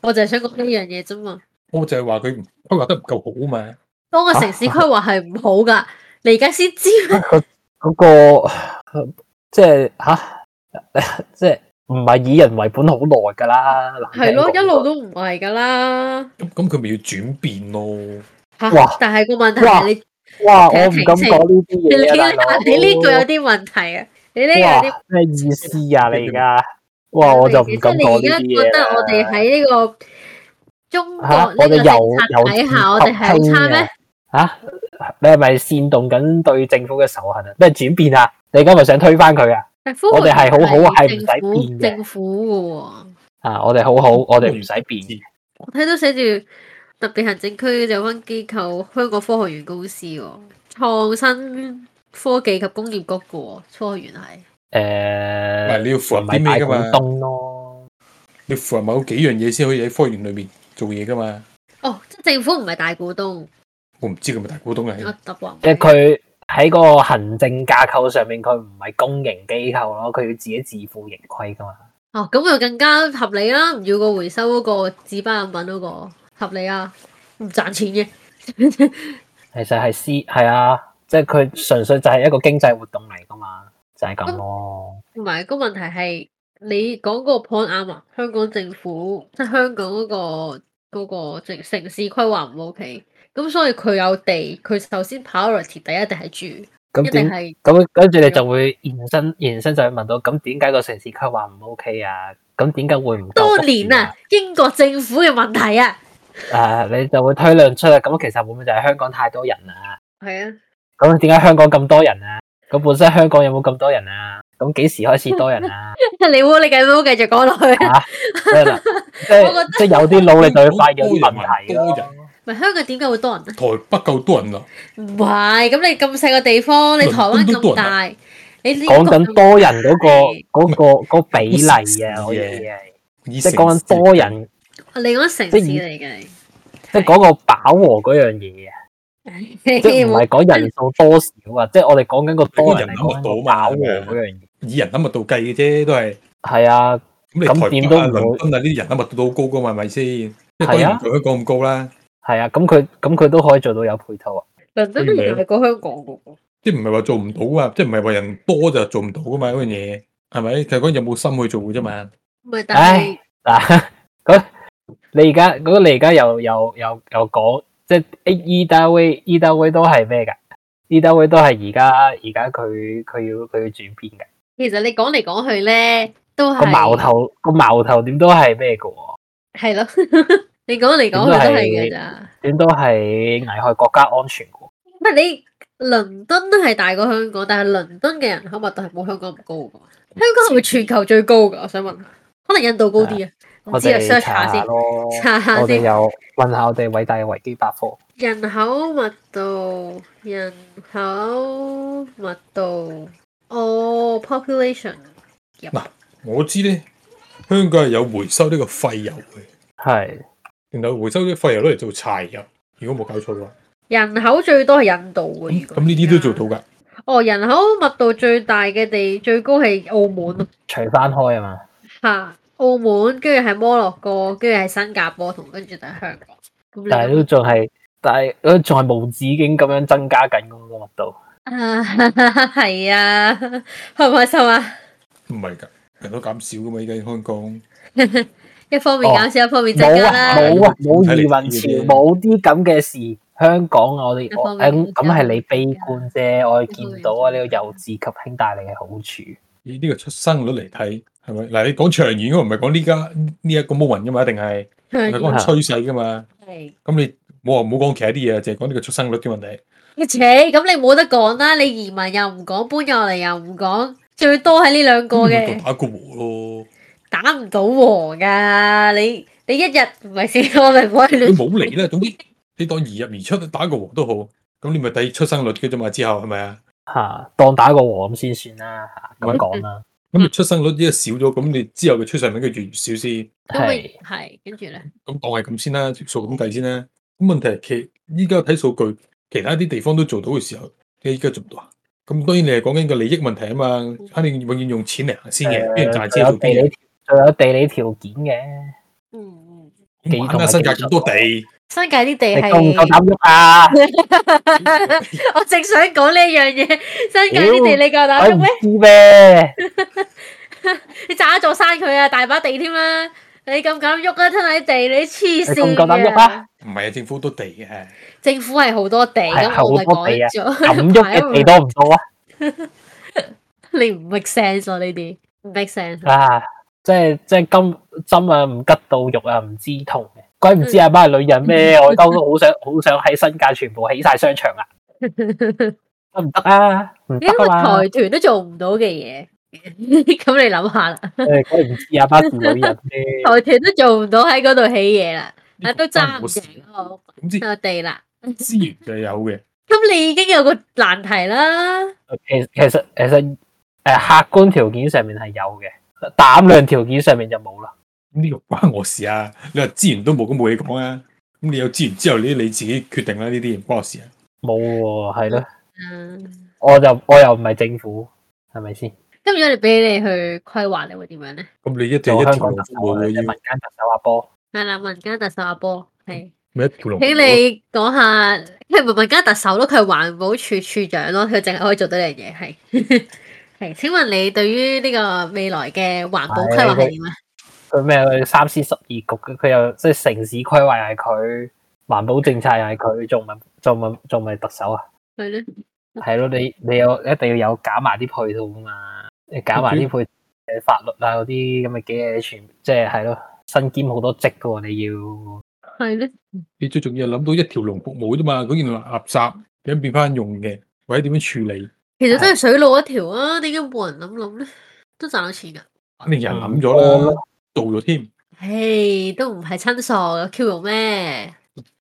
我就係想講呢樣嘢啫嘛。我就係話佢規劃得唔夠好啊嘛。嗰個城市規劃係唔好噶、啊，你而家先知佢嗰個即係吓，即係唔係以人為本好耐噶啦。係、啊、咯，一路都唔係噶啦。咁咁，佢咪要轉變咯？吓、啊！但係個問題係你、啊、哇，我唔敢講呢啲嘢。你呢句有啲問題啊？你呢？咩意思啊？你而家哇，我就唔敢講啲嘢。你而家覺得我哋喺呢個中國呢個政策底下，我哋係差咩？吓，你係咪煽動緊對政府嘅仇恨啊？咩轉變啊？你而家係咪想推翻佢啊？我哋係好好，係唔使變政府嘅。啊，我哋、啊、好好、啊，我哋唔使變。我睇到寫住特別行政區有關機構香港科學園公司創新。科技及工業局嘅，科園係。誒、呃，唔係你要符合啲咩噶嘛？大股東咯，你要符合某幾樣嘢先可以喺科園裏面做嘢噶嘛？哦，即政府唔係大股東。我唔知佢係咪大股東嘅、啊。啊，得喎。即係佢喺個行政架構上面，佢唔係公營機構咯，佢要自己自負盈虧噶嘛。哦，咁就更加合理啦，唔要個回收嗰個紙包飲品嗰、那個合理啊，唔賺錢嘅。 其實係私，係啊。即係佢純粹就係一個經濟活動嚟噶嘛，就係咁咯。同埋、個問題係你講個 point 啱啊。香港政府即係香港嗰、嗰個、嗰個城城市規劃唔 OK，咁所以佢有地，佢首先 priority 第一定係住，一定係咁，跟住你就會延伸延伸就去問到咁點解個城市規劃唔 OK 啊？咁點解會唔、啊、多年啊？英國政府嘅問題啊？誒 、啊，你就會推論出嚟咁其實會唔會就係香港太多人啊？係啊。咁點解香港咁多人啊？咁本身香港有冇咁多人啊？咁幾時開始多人啊？你你繼續繼續講落去啊！即係即係有啲努力就去發現啲問題。多人咪唔係香港點解會多人？台北夠多人啦！唔係咁，你咁細個地方，你台灣咁大，你講緊多人嗰個嗰個個比例啊？即係講緊多人。你講城市嚟嘅，即係講個飽和嗰樣嘢啊！即係唔係講人數多少啊？即係我哋講緊個人口密度啊，嗰樣以人口密度計嘅啫，都係係啊。咁點到啊？但係，啲人口密度都好高噶，係咪先？係啊，佢可以講咁高啦。係啊，咁佢咁佢都可以做到有配套啊。即係唔係講香港嗰個？即係唔係話做唔到啊？即係唔係話人多就做唔到噶嘛？嗰樣嘢，係咪？就講有冇心去做嘅啫嘛。唔係，但係嗱，咁你而家咁你而家又又又又講。即係 Eddie Wei，Eddie Wei 都係咩噶？Eddie Wei 都係而家而家佢佢要佢要轉變噶。其實你講嚟講去咧，都係個矛頭個矛頭點都係咩噶？係咯，你講嚟講去都係噶咋？點都係危害國家安全噶。唔係你倫敦都係大過香港，但係倫敦嘅人口密度係冇香港咁高噶。香港係咪全球最高噶？我想問，可能印度高啲啊？我知，要 search 下，查下先咯，我哋有問下我哋偉大嘅維基百科。人口， 人口密度，人口密度，哦、oh，population。嗱，我知咧，香港係有回收呢個廢油嘅，係，然後回收啲廢油攞嚟做柴油，如果冇搞錯嘅話。人口最多係印度嘅，咁呢啲都做到噶。哦、oh，人口密度最大嘅地最高係澳門咯。除翻開啊嘛。吓。 澳門，跟住係摩洛哥，跟住係新加坡，同跟住就係香港。但係都仲係，但係都仲係無止境咁樣增加緊個密度。啊，係啊，開唔開心啊？唔係噶，人都減少噶嘛，而家香港。一方面減少，一方面增加啦。冇啊，冇啊，冇移民潮，冇啲咁嘅事。香港我哋，誒，咁係你悲觀啫，我哋見到啊呢個幼稚及兄弟嚟嘅好處。以呢個出生率嚟睇，係咪嗱？你講長遠，如果唔係講呢家呢一個 moment 噶嘛，一定係係講趨勢噶嘛。係咁，你冇話唔好講其他啲嘢，淨係講呢個出生率嘅問題。你扯，咁你冇得講啦。你移民又唔講，搬入嚟又唔講，最多係呢兩個嘅打個和咯，打唔到和噶。你你一日唔係死，我哋唔可以。你冇嚟啦，總之你當移入移出打個和都好，咁你咪睇出生率嘅啫嘛。之後係咪啊？吓、啊，當打個和咁先算啦。咁樣講啦。咁、嗯、你、嗯嗯、出生率依家少咗，咁你之後嘅出世率佢越，越少先。係係，跟住咧。咁當係咁先啦，數咁計先啦。咁問題係，其依家睇數據，其他啲地方都做到嘅時候，你依家做唔到啊？咁當然你係講緊個利益問題啊嘛，肯定永遠用錢嚟行先嘅，跟、嗯、住，賺錢做邊。有地理條，有地理條件嘅，嗯。幾多啊？新界咁多地，新界啲地係夠膽喐啊！我正想講呢樣嘢，新界啲地你夠膽喐咩？你炸一座山佢啊，大把地添啦！你咁敢喐一攤喺地，你黐線！夠膽喐啊？唔係啊，政府多地嘅係，政府係好多地，咁我咪講咗，敢喐嘅地多唔多啊？你唔 make sense 啊，呢啲唔 make sense 啊！即係即係金針啊，唔吉到肉啊，唔知痛。鬼唔知阿媽係女人咩？ 我都好想好想喺新界全部起晒商場啊，得唔得啊？因、啊、個財團都做唔到嘅嘢，咁 你諗下啦、嗯。鬼唔知阿媽係女人咩？財 團都做唔到喺嗰度起嘢啦，啊都爭嘅，我哋啦，資源就有嘅。咁 你已經有個難題啦。其實其實其實誒，客觀條件上面係有嘅。膽量條件上面就冇啦。咁呢個關我事啊？你話資源都冇，咁冇嘢講啊。咁你有資源之後你自己決定啦。呢啲唔關我事，啊。冇喎，啊，係咯。嗯。我就我又唔係政府，係咪先？咁、嗯、如果你俾你去規劃，你會點樣咧？咁你一就一條龍，我民間特首，間特首，間特首阿波。係啦，民間特首阿波係。咩一條龍？請你講下，因為民間特首咯，佢係環保署署長咯，佢淨係可以做到呢樣嘢係。 係，請問你對於呢個未來嘅環保規劃係點咧？佢咩？佢三司十二局嘅，佢又即係城市規劃係佢，環保政策又係佢，仲問仲問仲問特首啊？係咧，係咯，你你有你一定要有搞埋啲配套噶嘛？你搞埋啲配誒法律啊嗰啲咁嘅嘢，全即係，係咯，身兼好多職噶喎，你要係咧。你最重要諗到一條龍服務啫嘛，嗰件垃圾點樣變翻用嘅，或者點樣處理？其實都係水路一條啊，點解冇人諗諗咧？都賺到錢噶，肯定人諗咗啦，做咗添。誒，都唔係親疏嘅 Q 肉咩？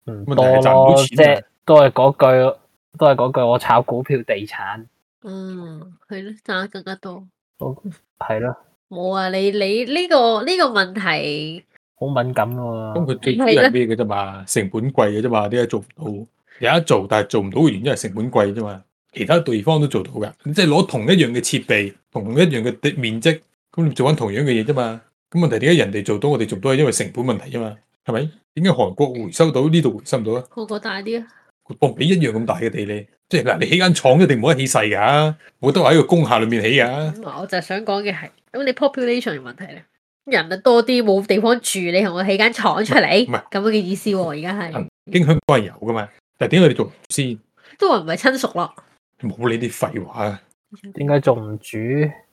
唔多咯，即係都係嗰句，都係嗰句。我炒股票、地產，嗯，係咯，賺得更加多。哦，係咯。冇啊，你你呢個呢個問題好敏感噶嘛？咁佢最衰係咩嘅啫嘛？成本貴嘅啫嘛，點解做唔到？有得做，但係做唔到嘅原因係成本貴啫嘛。其他地方都做到嘅，即係攞同一樣嘅設備，同一樣嘅地面積，咁你做緊同樣嘅嘢啫嘛。咁問題點解人哋做到我哋做唔到？因為成本問題啫嘛，係咪？點解韓國回收到呢度回收唔到大啊？個個大啲啊！當比一樣咁大嘅地理，即係嗱，你起間廠一定唔好起細㗎，我都話喺個工廈裏面起㗎。我就係想講嘅係，咁你 population 嘅問題咧，人啊多啲冇地方住，你同我起間廠出嚟，唔係咁樣嘅意思喎，啊。而家係，因為香港係有㗎嘛，但係點解你做唔先？都話唔係親熟咯。冇你啲廢話啊！點解做唔煮？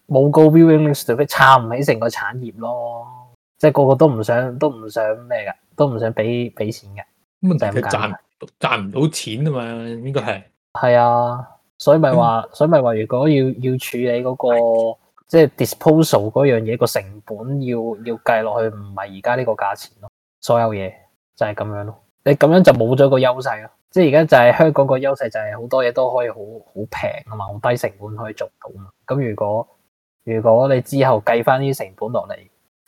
冇高標英力士，除非撐唔起成個產業咯。即係個個都唔想，都唔想咩㗎，都唔想俾俾錢㗎。咁咪就係賺賺賺唔到錢啊嘛，應該係。係啊，所以咪話，所以咪話，如果要要處理嗰、嗰個即係、嗯就是、disposal 嗰樣嘢，個成本要要計落去，唔係而家呢個價錢咯。所有嘢就係咁樣咯。你咁樣就冇咗個優勢咯，即係而家就係香港個優勢就係好多嘢都可以好好平啊嘛，好低成本可以做到嘛。咁如果如果你之後計翻啲成本落嚟，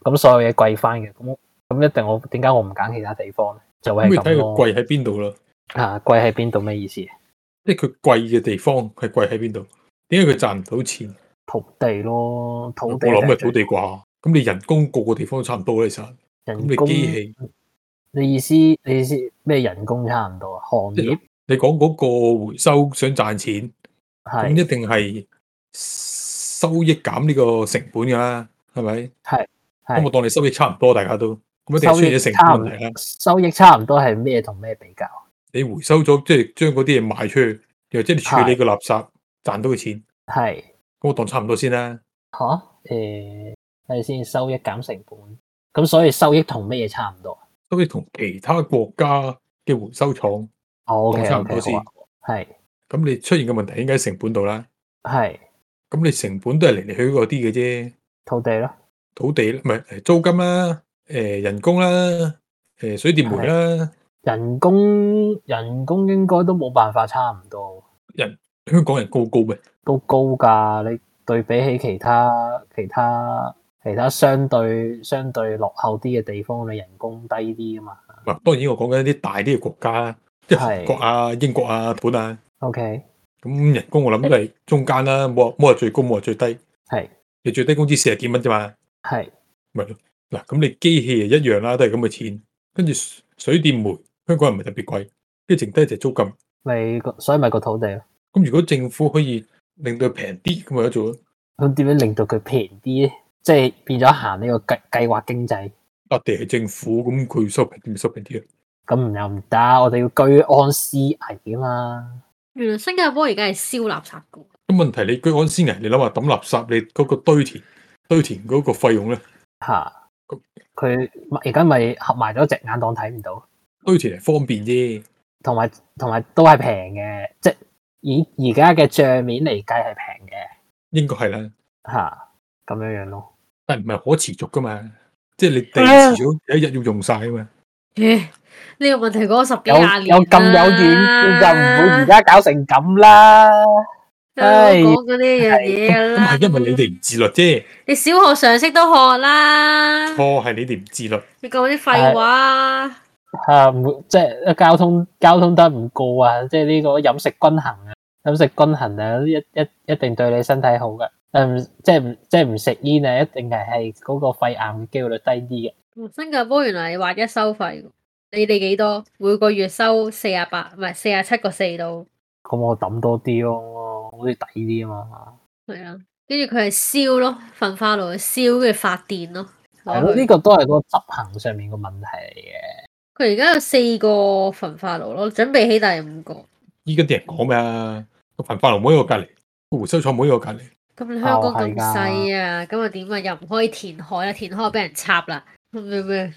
咁所有嘢貴翻嘅，咁咁一定我點解我唔揀其他地方咧？就係咁咯。咁睇佢貴喺邊度啦？啊，貴喺邊度咩意思？即係佢貴嘅地方係貴喺邊度？點解佢賺唔到錢？土地咯，土地。我諗係土地啩？咁你人工個個地方都差唔多啊，其實。人工。你意思你意思咩人工差唔多啊？行業，你講嗰個回收想賺錢，咁一定係收益減呢個成本噶啦，係咪？係。咁我當你收益差唔多，大家都咁一定係算成本啦。收益差唔多係咩同咩比較？你回收咗即係將嗰啲嘢賣出去，又即係處理個垃圾賺到嘅錢。係。咁，我當差唔多先啦。吓誒，係、呃、先收益減成本，咁所以收益同咩嘢差唔多？都比同其他國家嘅回收廠都差唔多先，係、okay, okay, okay，啊。咁你出現嘅問題應該喺成本度啦。係。咁你成本都係嚟嚟去去嗰啲嘅啫。土地啦。土地唔係租金啦，啊、呃，人工啦，啊、呃，水電煤啦，啊。人工人工應該都冇辦法差唔多。人香港人高高咩都高㗎，你對比起其他其他。其他相對相對落後啲嘅地方人工低啲噶嘛？唔，當然我講緊啲大啲嘅國家即係中國啊、英國啊、日本啊。O K，咁人工我諗都係中間啦、啊，冇冇係最高，冇係最低。係，你最低工資四十幾蚊啫嘛。係，咪咯。嗱，咁你機器又一樣啦，都係咁嘅錢。跟住水電煤，香港人唔係特別貴，跟住剩低就租金。咪個所以咪個土地咯。咁如果政府可以令到佢平啲，咁咪得做咯。咁點樣令到佢平啲？即係變咗行呢個計計劃經濟。啊，地係政府，咁佢收平，點收平啲啊？咁唔又唔得，我哋要居安思危啊嘛。原來新加坡而家係燒垃圾噶。咁問題你居安思危，你諗下抌垃圾，你嗰個堆填堆填嗰個費用咧？吓，佢而家咪合埋咗隻眼當睇唔到。堆填係方便啫，同埋同埋都係平嘅，即係以而家嘅賬面嚟計係平嘅。應該係啦。吓，咁樣樣咯。唔係可持續噶嘛？即係你地遲早有一日要用晒啊嘛！呢個問題講十幾廿年啦，而家搞成咁啦！唉，講嗰啲樣嘢啦，咁係因為你哋唔自律啫。你小學常識都學啦，錯係你哋唔自律。你講啲廢話啊！吓，即係交通交通得唔夠啊？即係呢個飲食均衡啊，飲食均衡啊，一一一定對你身體好噶。嗯，即係唔即係唔食煙啊，一定係係嗰個肺癌嘅機會率低啲嘅。哦。新加坡原來係劃一收費，你哋幾多？每個月收四廿八，唔係四廿七個四都。咁、嗯、我抌多啲咯，好似抵啲啊嘛。係啊，跟住佢係燒咯，焚化爐燒嘅發電咯。呢、這個都係個執行上面嘅問題嚟嘅。佢而家有四個焚化爐咯，準備起第五個。依家啲人講咩啊？個焚化爐冇喺我隔籬，回收廠冇喺我隔籬。咁香港咁細啊，咁啊點啊？又唔可以填海啊？填海俾人插啦！唔、嗯、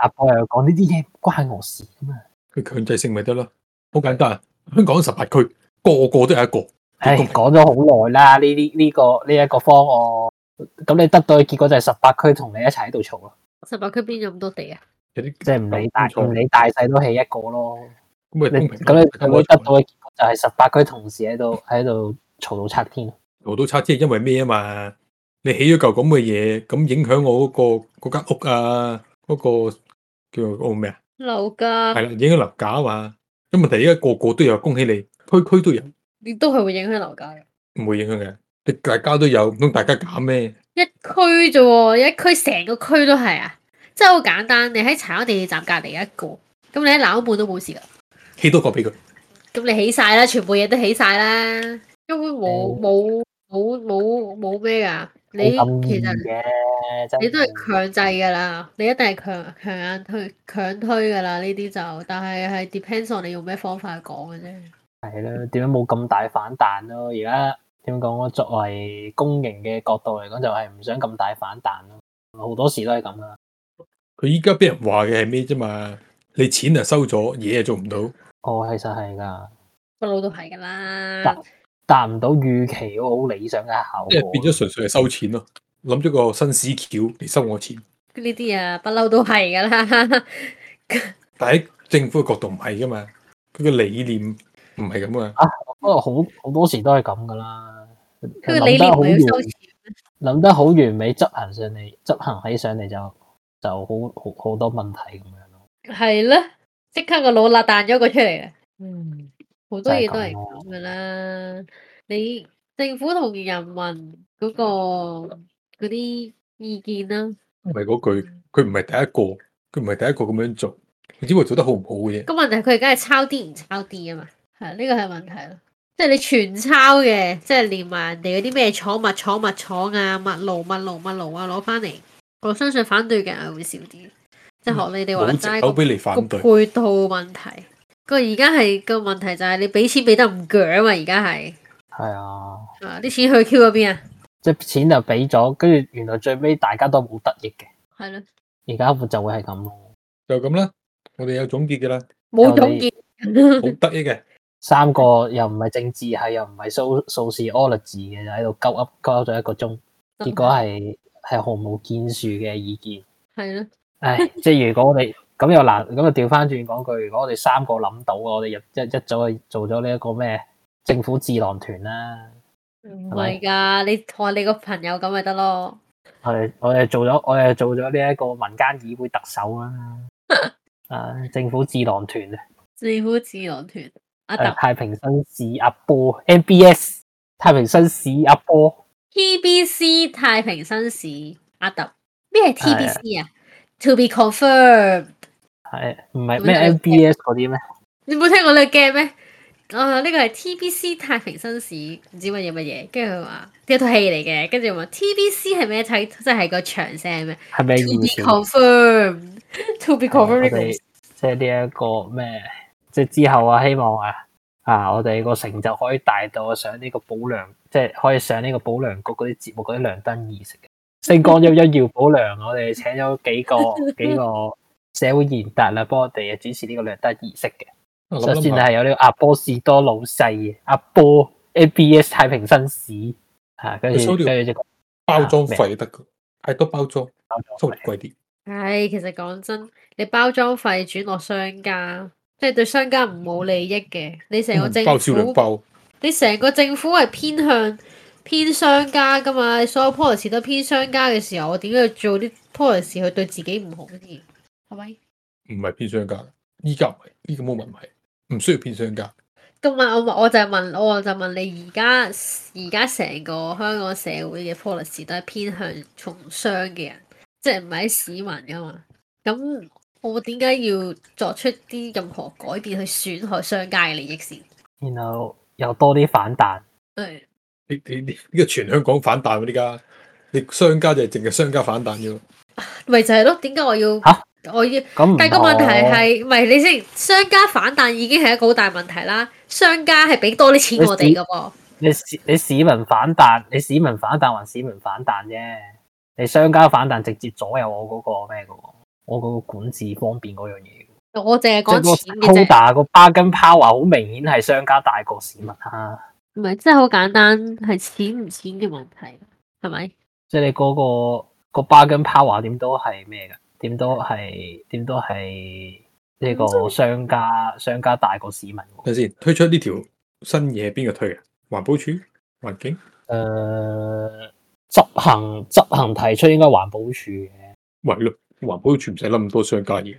阿波又講呢啲嘢關我事咩？佢強制性咪得咯？好簡單啊！香港十八區個個都係一個，講咗好耐啦。呢啲呢個呢一個、哎這個這個、方案，咁你得到嘅結果就係十八區同你一齊喺度嘈啊！十八區邊有咁多地啊？即係唔理大唔理大細都起一個咯。咁你咁你得到嘅結果就係十八區同時喺度喺度嘈到拆天。我都差，即係因為咩啊嘛，你起咗嚿咁嘅嘢，咁影響我嗰個嗰間屋啊，嗰個叫叫咩啊？樓價係啦，影響樓價啊嘛。咁問題而家個個都有，恭喜你，區區都有，你都係會影響樓價嘅，唔會影響嘅。你大家都有，唔通大家減咩？一區啫，一區成個區都係啊，真係好簡單。你喺柴灣地鐵站隔籬有一個，咁你一樓半都冇事噶。起多個俾佢，咁你起晒啦，全部嘢都起晒啦，因為冇冇。冇冇冇咩噶，你其實你都係強制噶啦，你一定係強強硬推強推噶啦呢啲就，但係係 depends on 你用咩方法去講嘅啫。係咯，點解冇咁大反彈咯、啊？而家點講？我作為公營嘅角度嚟講，就係唔想咁大反彈咯、啊。好多時都係咁啊。佢依家俾人話嘅係咩啫嘛？你錢就收咗，嘢就做唔到。哦，其實係噶，不老都係噶啦。達唔到預期，我好理想嘅效果的，即係變咗純粹係收錢咯。諗咗個新屎橋嚟收我錢，呢啲啊不嬲都係噶啦。 但喺政府嘅角度唔係噶嘛，佢個理念唔係咁啊。啊，好好多時都係咁噶啦。佢個理念要收錢，諗得好完美，執行上嚟，執行起上嚟就就好好好多問題咁樣咯。係咯，即刻個腦甩彈咗個出嚟嘅。嗯。好多嘢都係咁嘅啦，你政府同人民嗰個嗰啲意見啦、啊，唔係嗰句，佢唔係第一個，佢唔係第一個咁樣做，只係做得好唔好嘅啫。咁問題佢而家係抄啲唔抄啲啊嘛，係啊，呢個係問題咯。即係你全抄嘅，即係連埋人哋嗰啲咩廠物廠物廠啊，物爐物爐物爐啊，攞翻嚟，我相信反對嘅係會少啲，即係學你哋話齋個配套問題。個而家係個問題就係你俾錢俾得唔強啊？而家係係啊，啊啲錢去 Q 嗰邊啊，即係錢就俾咗，跟住原來最尾大家都冇得益嘅，係咯。而家就就會係咁咯，就咁啦。我哋有總結嘅啦，冇總結，冇得益嘅。三個又唔係政治，係又唔係數數字 ology 嘅，就喺度鳩噏鳩咗一個鐘，結果係係毫無建樹嘅意見，係咯。唉，即係如果我哋。咁又難，咁啊掉返轉講句，如果我哋三個諗到，我哋入一一早做咗呢一個咩政府智囊團啦，唔係噶，你同你個朋友咁咪得咯，係我哋做咗，我哋做咗呢一個民間議會特首啦，啊政府智囊團啊，政府智囊團阿特太平紳士阿波 MBS，太平紳士阿波 TBC，太平紳士阿特咩係 TBC 啊？To be confirmed，係唔係咩 MBS 嗰啲咩？你冇聽過呢個 game 咩？哦，呢個係 TBC 太平紳士，唔知乜嘢乜嘢。跟住佢話呢套戲嚟嘅。跟住我話 TBC 係咩睇？即係個長聲咩？係咪 to be confirmed，to be confirmed、嗯。即係呢一個咩？即係之後啊，希望啊啊，我哋個成就可以大到上呢個保良，即係可以上呢個保良局嗰啲節目嗰啲亮燈儀式嘅。星光一一耀保良，我哋請咗幾個幾個社會賢達啦，幫我哋主持呢個亮燈儀式嘅。首先係有呢個阿波士多老細，阿波 A B S 太平紳士吓，跟住跟住就包裝費得噶，太多包裝，包裝貴啲。唉、哎，其實講真，你包裝費轉落商家，即係對商家唔冇利益嘅。你成個政府，嗯、包，量包你成個政府係偏向，偏商家㗎嘛？所有 policy 都偏商家嘅時候，我點解要做啲 policy 去對自己唔好先？係咪？唔係偏商家，依家唔係，依家冇問題，唔需要偏商家。咁問我，我就問我，就問你而家而家成個香港社會嘅 policy 都係偏向從商嘅人，即係唔係喺市民㗎嘛？咁我點解要作出啲任何改變去損害商家嘅利益先？然後又多啲反彈。係、嗯。你你呢個全香港反彈喎？呢家你商家就淨係商家反彈啫，咪、啊、就係、是、咯？點解我要吓、啊？我要咁但個問題係，唔係你先商家反彈已經係一個好大問題啦。商家係俾多啲錢我哋噶噃。你市你市民反彈，你市民反彈還市民反彈啫。你商家反彈直接左右我嗰、那個咩噶？我那個管治方面嗰樣嘢。我淨係講錢啫。個、就是、power 個 bargaining power 好明顯係商家大過市民唔係，真係好簡單，係錢唔錢嘅問題，係咪？即係你嗰、嗰個、嗰個 bargain power 點都係咩噶？點都係點都係呢個商家商家大過市民的。睇下先，推出呢條新嘢，邊個推嘅？環保署？環境？誒、呃，執行執行提出應該環保署嘅。咪咯，環保署唔使諗咁多商家嘢。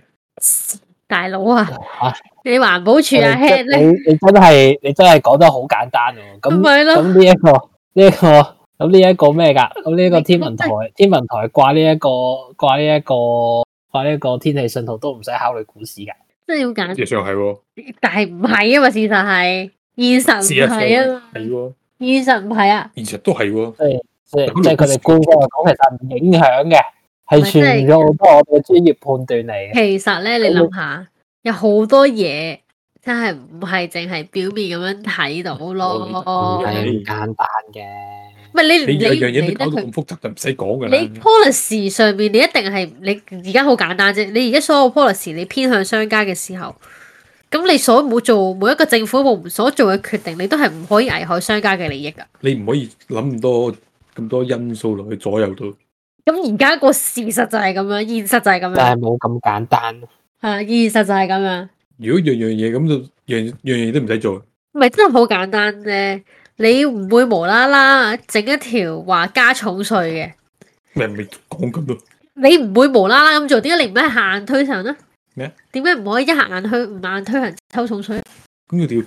大佬啊，啊，你環保署啊，head 你你真係你真係講得好簡單喎、啊。咁咁呢一個呢一、這個咁呢一個咩噶？咁呢一個天文台 天文台掛呢、這、一個掛呢、這、一個掛呢、這、一、個、個天氣信號都唔使考慮股市噶，真係好簡單。事實上係，但係唔係啊嘛？事實係現實係啊嘛？係現實唔係啊？現實都係喎、啊。誒、嗯嗯，即係佢哋官方嚟講，其實唔影響嘅。係全由我哋專業判斷嚟。其實咧，你諗下，有好多嘢真係唔係淨係表面咁樣睇到咯。係簡單嘅。唔係你你你你講到咁複雜就唔使講噶啦。你 policy 上面你一定係你而家好簡單啫。你而家所有 policy 你偏向商家嘅時候，咁你所唔好做每一個政府部門所做嘅決定，你都係唔可以危害商家嘅利益噶。你唔可以諗咁多咁多因素落去左右到。咁而家個事實就係咁樣，現實就係咁樣。但係冇咁簡單。係啊，現實就係咁樣。如果樣樣嘢咁就樣樣嘢都唔使做。唔係真係好簡單咧，你唔會無啦啦整一條話加重稅嘅。咩未講咁多？你唔會無啦啦咁做？點解你唔可以硬推行咧？咩啊？點解唔可以一下硬去唔硬推行抽重稅咧？咁要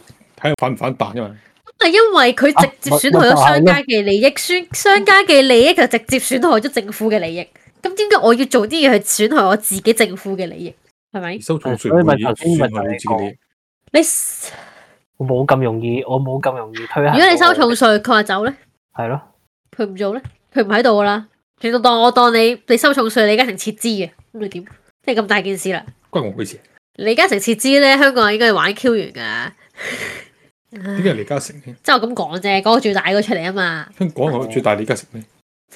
睇反唔反彈嘅嘛？係因為佢直接損害咗商家嘅利益，商、啊、商家嘅利益就直接損害咗政府嘅利益。咁點解我要做啲嘢，去損害我自己政府嘅利益？係咪？收重稅，所以咪憑空咪嚟講。你我冇咁容易，我冇咁容易推卸。如果你收重稅，佢話走咧，係咯？佢唔做咧，佢唔喺度噶啦，仲當我當你你收重稅，李嘉誠撤資嘅，咁你點？即係咁大件事啦，關我咩事？李嘉誠撤資咧，香港應該係玩 Q 完噶。 點解係李嘉誠咧？即係我咁講啫，講、嗰個最大嗰個出嚟啊嘛！香港最大李嘉誠咧，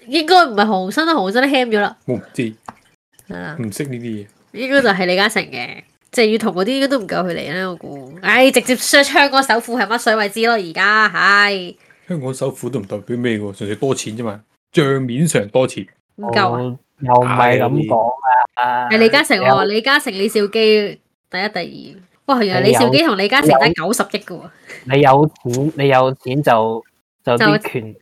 應該唔係洪生啦，洪生都慳咗啦。我、嗯、唔知，唔識呢啲嘢。應該就係李嘉誠嘅，鄭裕彤嗰啲應該都唔夠佢嚟啦。我估，唉、哎，直接雙槍嗰首富係乜水位之咯？而家係香港首富都唔代表咩嘅，純粹多錢啫嘛，賬面上多錢。唔夠，又唔係咁講啊！係、哎啊、李嘉誠、哦，李嘉誠、李兆基第一、第二。哇，原來李兆基同李嘉誠得九十億嘅喎。你有錢，你有錢就就權，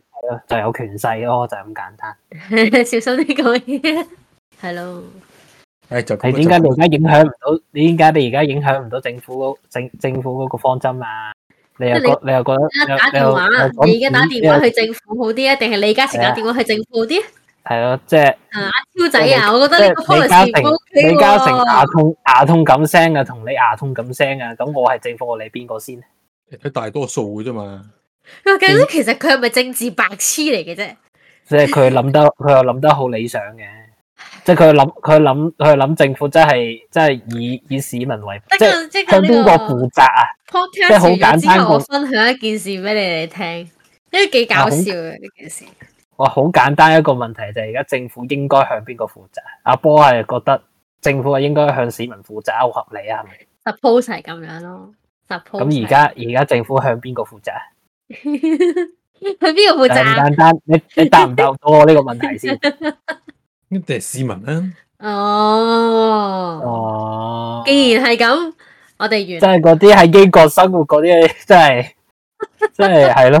就有權勢咯，就咁簡單。小心啲講嘢，係咯。誒，就係點解你而家影響唔到？你點解你而家影響唔到政府嗰政政府嗰個方針啊？你又你又覺得？你而家打電話，你而家打電話去政府好啲啊？定係李嘉誠打電話去政府好啲？係咯，即係阿超仔啊！我覺得呢個李嘉誠，李嘉誠牙痛牙痛咁聲啊，同你牙痛咁聲啊，咁我係政府，我理邊個先？睇大多數嘅啫嘛。咁其實佢係咪政治白痴嚟嘅啫？即係佢諗得，佢又諗得好理想嘅。即係佢諗，佢諗，佢諗政府真係真係以以市民為，即係向邊個負責啊？即係好簡單。我分享一件事俾你哋聽，因為幾搞笑嘅呢件事。我好簡單一個問題就係而家政府應該向邊個負責？阿波係覺得政府係應該向市民負責，好合理啊？係咪？suppose 係咁樣咯，suppose。咁而家而家政府向邊個負責？向邊個負責？唔簡單，你你答唔答到我呢個問題先？一定係市民啊。哦哦，既然係咁，我哋完。即係嗰啲喺英國生活嗰啲，真係 真係係咯。